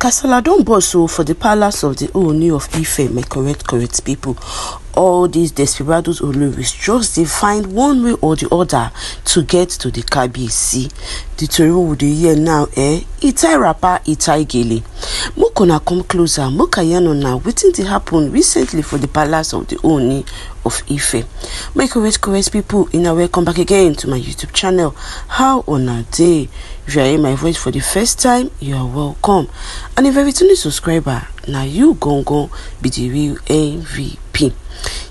Kasala Donboso for the palace of the owner of Ife, my correct, correct people. all these desperados Oloris just dey find one way or the other to get to the Kabiyesi. The tori we dey hear now eh Itai rapper, Itai gele. Make una come closer make I yarn una wetin dey happen recently for the palace of the Ooni of Ife. My correct correct people una welcome back again to my YouTube channel how una dey? If you are hearing my voice for the first time you are welcome and if you be returning subscriber na you gongon be the real MVP. DP.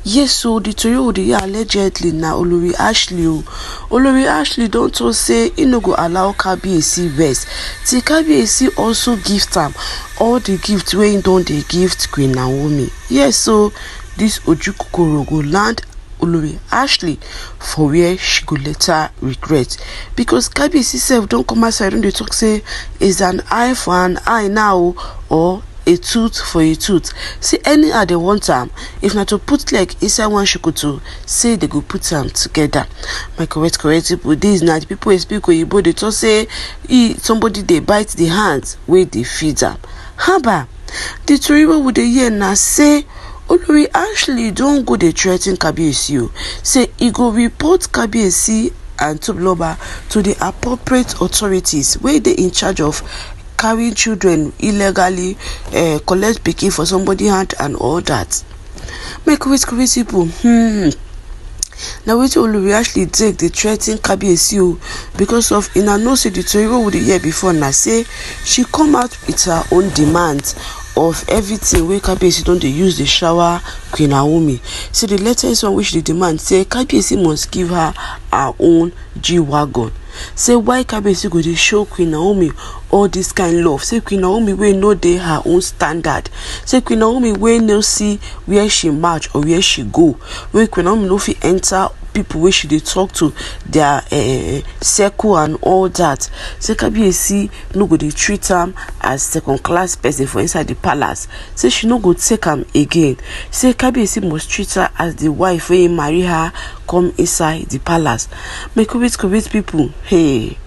Yes, so the Toyo Odeya allegedly na Olori Ashley o. Olori Ashley don talk say e no go allow Kabiyesi vex. Till Kabiyesi also gift am all the gift wey im don dey gift Queen Naomi. Yes, so this Ojukokoro go land olori ashley for where she go later regret because kabiyesi sef don come outside don dey talk say is an eye for an eye now or a tooth for a tooth. See, any how they want am. Um, if not to put like inside one shukutu, say they go put am um, together. My correct, correct people, these na the people who speak Oyibo, they talk say e, somebody they bite the hands where they feed am. Haba, the tori with the dey now say olori actually don go dey threa ten kabiyesi o say e go report kabiyesi and tobiloba to di appropriate authorities wey dey in charge of carrying children illegally uh, collect pikin for somebody hand and all that make we squeeze people hmm. na wetin olori actually take dey threa ten kabiyesi o because of una know say the tori wey we dey hear before na say she come out with her own demand of everything wey kabiyesi don dey use dey shower queen naomi so the latest one wey she dey demand say kabiyesi must give her her own g-wagon say why kabiyesi go dey show queen naomi all this kind love say queen naomi wey no dey her own standard say queen naomi wey no see where she march or where she go wey queen naomi no fit enter people wey she dey talk to their uh, circle and all that say kabiyesi no go dey treat am as second class person for inside the palace say she no go take am again say kabiyesi must treat her as the wife wey marry her come inside the palace my kubit kubit people hey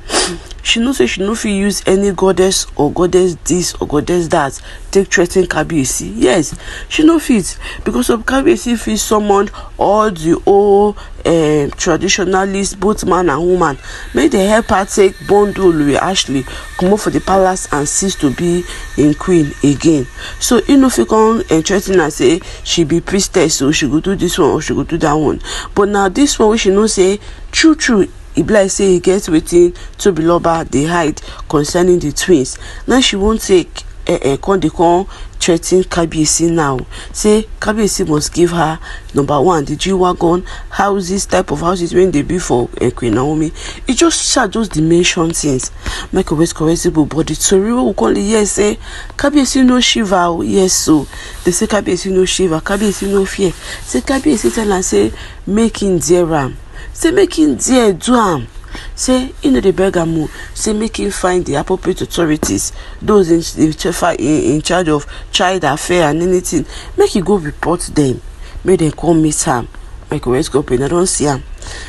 she know say she no fit use any goddess or goddess this or goddess that. take threa ten kabiyesi yes she no fit because of kabiyesi fit summon all the old um, eh, traditionalist both man and woman make dem help her take bundle with ashley comot for the palace and cease to be im queen again so e no fit come um, threa ten her say she be priestess o so she go do this one or she go do that one but na this one wey she know say true true e be like say e get wetin tobiloba dey hide concerning the twins now she wan take uh, eh, eh, con dey con threa ten kabiyesi now say kabiyesi must give her number one the g-wagon houses type of houses wey dey be for uh, queen naomi e just sha just dey mention things michael west correctable but the tori wey we come dey hear say kabiyesi no shiva o yes so dey say kabiyesi no shiva kabiyesi no fear say kabiyesi tell am say make im dear am say make him there do am say e no dey beg am o say make him find the appropriate authorities those in, in, in charge of child affair and anything make e go report them. make dem come meet am make we go pay I don see am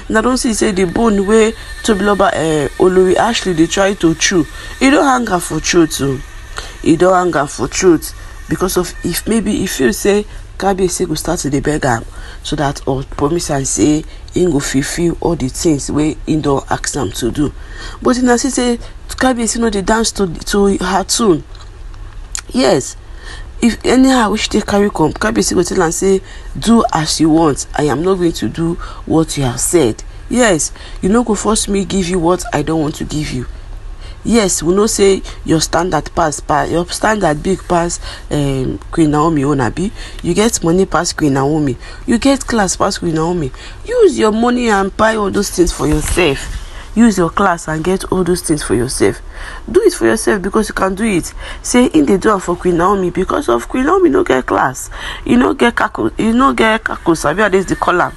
na don see say di bone wey tobiloba uh, eh, olori ashley dey try to chew e don hang am for throat o e don hang am for throat because of if maybe e feel say kabiyesi go start to dey beg am so that or promise am say im go fulfil all the things wey im don ask am to do but una see say kabiyesi no dey dance to to her tune yes if anyhow wey she take carry come kabiyesi go tell am say do as you want i am not going to do what you have said yes you no go force me give you what i don want to give you yes we know say your standard pass pass your standard big pass um, queen naomi own abi you get money pass queen naomi you get class pass queen naomi use your money and buy all those things for yourself use your class and get all those things for yourself do it for yourself because you can do it say in dey do am for queen naomi because of queen naomi no get class e no get kako e no get kako sabi how dey dey call am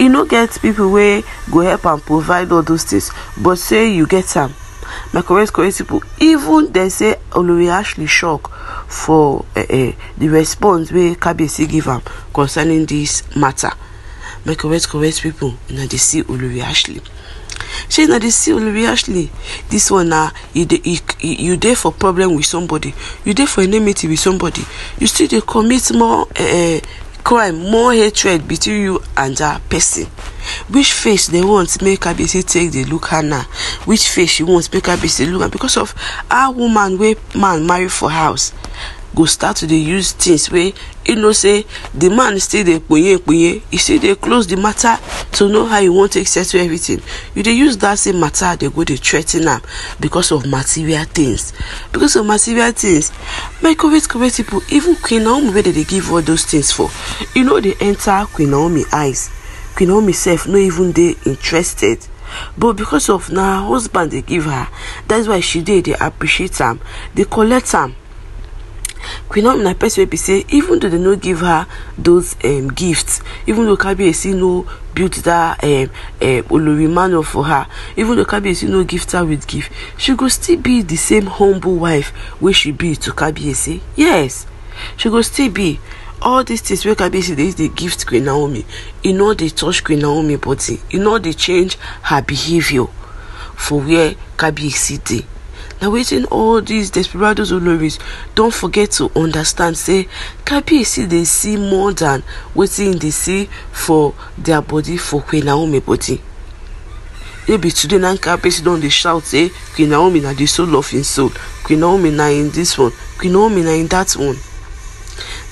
e no get people wey go help am provide all those things but say you get am my correct correct people even they say olori ashley shock for uh, uh, the response wey kabiyesi give am concerning this matter my correct correct people una dey see olori ashley shey na dey see olori ashley this one na you dey you dey for problem with somebody you dey for enmity with somebody you still dey commit more uh, crime more hatred between you and that person which face they want make kabiyesi take the look her now which face she want make kabiyesi look am because of how woman wey man marry for house go start to dey use things wey you e know say the man still dey kponye kponye e still dey close the matter to know how you wan take settle everything you dey use that same matter dey go dey threa ten am because of material things because of material things my correct correct people even queen naomi wey dey dey give all those things for e no dey enter queen naomi eyes queen naomi sef no even dey interested but because of na her husband dey give her that's why she dey dey appreciate am dey collect am queen naomi na person wey be say even though they no give her those um, gifts even though kabiyesi no build that um, um, olori manor for her even though kabiyesi no gift her with gift she go still be the same humble wife wey she be to kabiyesi yes she go still be all these things wey kabiyesi dey use dey gift queen naomi e no dey touch queen naomi body e no dey change her behaviour for where kabiyesi dey Now, wetin all these desperados oloris don't forget to understand say kabiyesi they see more than wetin im dey see for their body for queen naomi body no be today na kabiyesi don't dey shout say queen naomi na the soul of im soul queen naomi na in this one queen naomi na in that one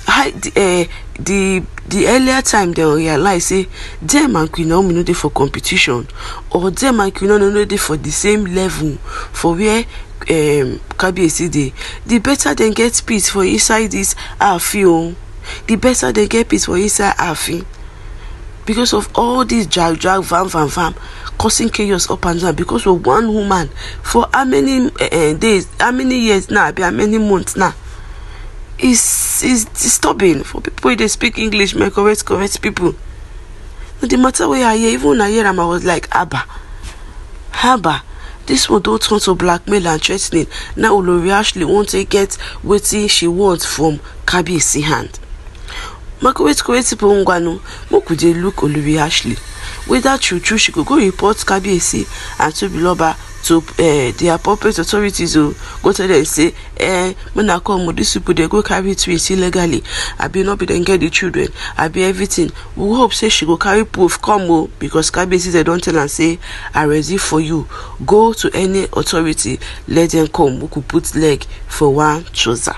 i the uh, the the earlier time dem realize say them and queen naomi no dey for competition or them and queen naomi no dey for the same level for where um, kábíyèsí dey the better dem get peace for inside this ààfin o the better dem get peace for inside ààfin because of all this drag drag van, van, van, causing chaos up and down because of one woman for how many uh, days how many years now abi how many months now is is disturbing for people wey dey speak english my correct correct people na the matter wey i hear even I hear am i was like haba haba dis one don turn to blackmail and threatening. now olori ashley wan take get wetin she want from kabiyesi hand maka wetin wey tipu ngwanu make we dey look olori ashley whether true true she go go report kabiyesi and tobiloba to uh, the appropriate authorities o oh, go tell them say eh when i come these people dey go carry twins illegally abi no be dem get the children abi everything we hope say she go carry proof come o oh, because kabiyesi dem don tell am say i ready for you go to any authority let dem come we go put leg for one trouser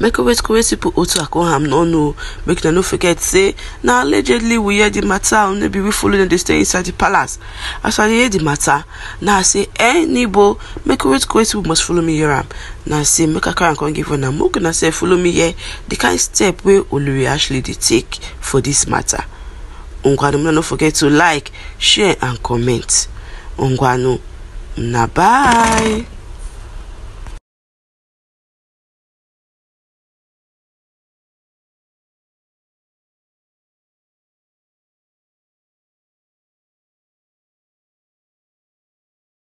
mekoweskowes pipo otu akoham n'ọnụ make dem no forget say na allegedly we hear the matter on no be we follow dem dey stay inside the palace as i dey hear di mata na say eh nibo mekoweskowes pipo must follow me here. am na say make a carry am come give una make una sef follow me hear di kind step wey olori ashley dey take for dis mata ngwanu Don't forget to like share and comment ngwanu na bye